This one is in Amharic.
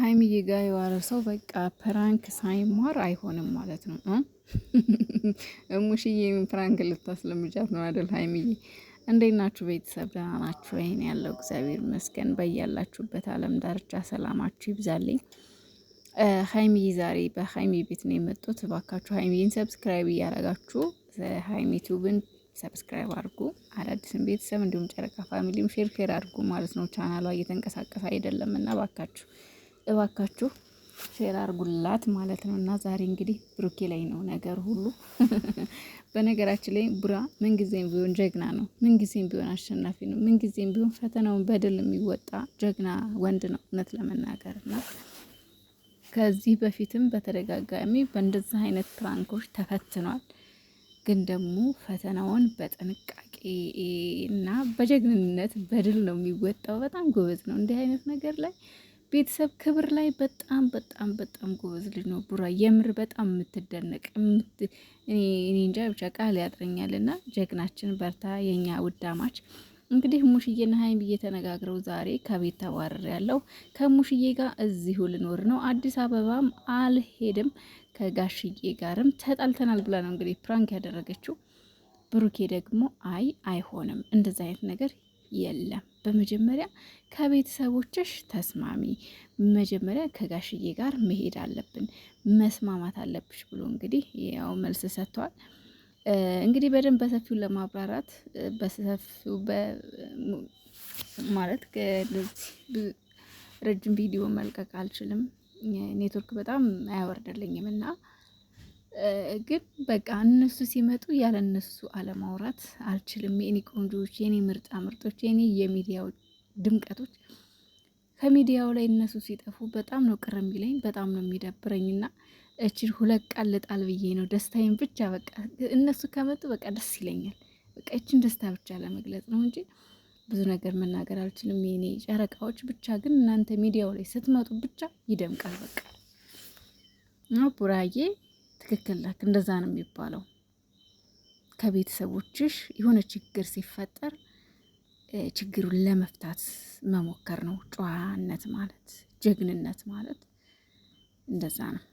ሀይሚዬ ጋ የዋለ ሰው በቃ ፕራንክ ሳይማር አይሆንም ማለት ነው። እሙሽዬ ፕራንክ ልታስለምጃት ነው አይደል? ሀይሚዬ እንዴት ናችሁ? ቤተሰብ ደህና ናችሁ? ይህን ያለው እግዚአብሔር ይመስገን። በያላችሁበት አለም ዳርቻ ሰላማችሁ ይብዛልኝ። ሀይሚዬ ዛሬ በሀይሚ ቤት ነው የመጡት። እባካችሁ ሀይሚዬን ሰብስክራይብ እያረጋችሁ ሀይሚ ቱብን ሰብስክራይብ አድርጉ። አዳዲስን ቤተሰብ እንዲሁም ጨረቃ ፋሚሊም ሼር ሼር አድርጉ ማለት ነው። ቻናሏ እየተንቀሳቀሰ አይደለም እና እባካችሁ እባካችሁ ሼር አርጉላት ማለት ነው። እና ዛሬ እንግዲህ ብሩኬ ላይ ነው ነገር ሁሉ። በነገራችን ላይ ቡራ ምንጊዜም ቢሆን ጀግና ነው፣ ምንጊዜም ቢሆን አሸናፊ ነው፣ ምንጊዜም ቢሆን ፈተናውን በድል የሚወጣ ጀግና ወንድ ነው እውነት ለመናገር እና ከዚህ በፊትም በተደጋጋሚ በእንደዚህ አይነት ፕራንኮች ተፈትኗል። ግን ደግሞ ፈተናውን በጥንቃቄ እና በጀግንነት በድል ነው የሚወጣው። በጣም ጎበዝ ነው እንዲህ አይነት ነገር ላይ ቤተሰብ ክብር ላይ በጣም በጣም በጣም ጎበዝ ልጅ ነው ቡራ። የምር በጣም የምትደነቅ እኔ እንጃ ብቻ ቃል ያጥረኛልና ጀግናችን በርታ የኛ ውዳማች። እንግዲህ ሙሽዬና ሀይሚ እየተነጋግረው ዛሬ ከቤት ተባረር ያለው ከሙሽዬ ጋር እዚሁ ልኖር ነው፣ አዲስ አበባም አልሄድም፣ ከጋሽዬ ጋርም ተጣልተናል ብላ ነው እንግዲህ ፕራንክ ያደረገችው። ብሩኬ ደግሞ አይ አይሆንም እንደዚ አይነት ነገር የለም። በመጀመሪያ ከቤተሰቦችሽ ተስማሚ። መጀመሪያ ከጋሽዬ ጋር መሄድ አለብን፣ መስማማት አለብሽ ብሎ እንግዲህ ያው መልስ ሰጥቷል። እንግዲህ በደንብ በሰፊው ለማብራራት በሰፊው ማለት ረጅም ቪዲዮ መልቀቅ አልችልም፣ ኔትወርክ በጣም አያወርድልኝም እና ግን በቃ እነሱ ሲመጡ ያለ እነሱ አለማውራት አልችልም። የኔ ቆንጆዎች፣ የኔ ምርጣ ምርጦች፣ የኔ የሚዲያው ድምቀቶች ከሚዲያው ላይ እነሱ ሲጠፉ በጣም ነው ቅር የሚለኝ፣ በጣም ነው የሚደብረኝ። እና እችን ሁለት ቃል ልጣል ብዬ ነው ደስታዬን ብቻ በቃ እነሱ ከመጡ በቃ ደስ ይለኛል። በቃ እችን ደስታ ብቻ ለመግለጽ ነው እንጂ ብዙ ነገር መናገር አልችልም። የኔ ጨረቃዎች ብቻ ግን እናንተ ሚዲያው ላይ ስትመጡ ብቻ ይደምቃል። በቃ ቡራዬ ትክክል ነህ። እንደዛ ነው የሚባለው። ከቤተሰቦችሽ የሆነ ችግር ሲፈጠር ችግሩን ለመፍታት መሞከር ነው ጨዋነት ማለት፣ ጀግንነት ማለት እንደዛ ነው።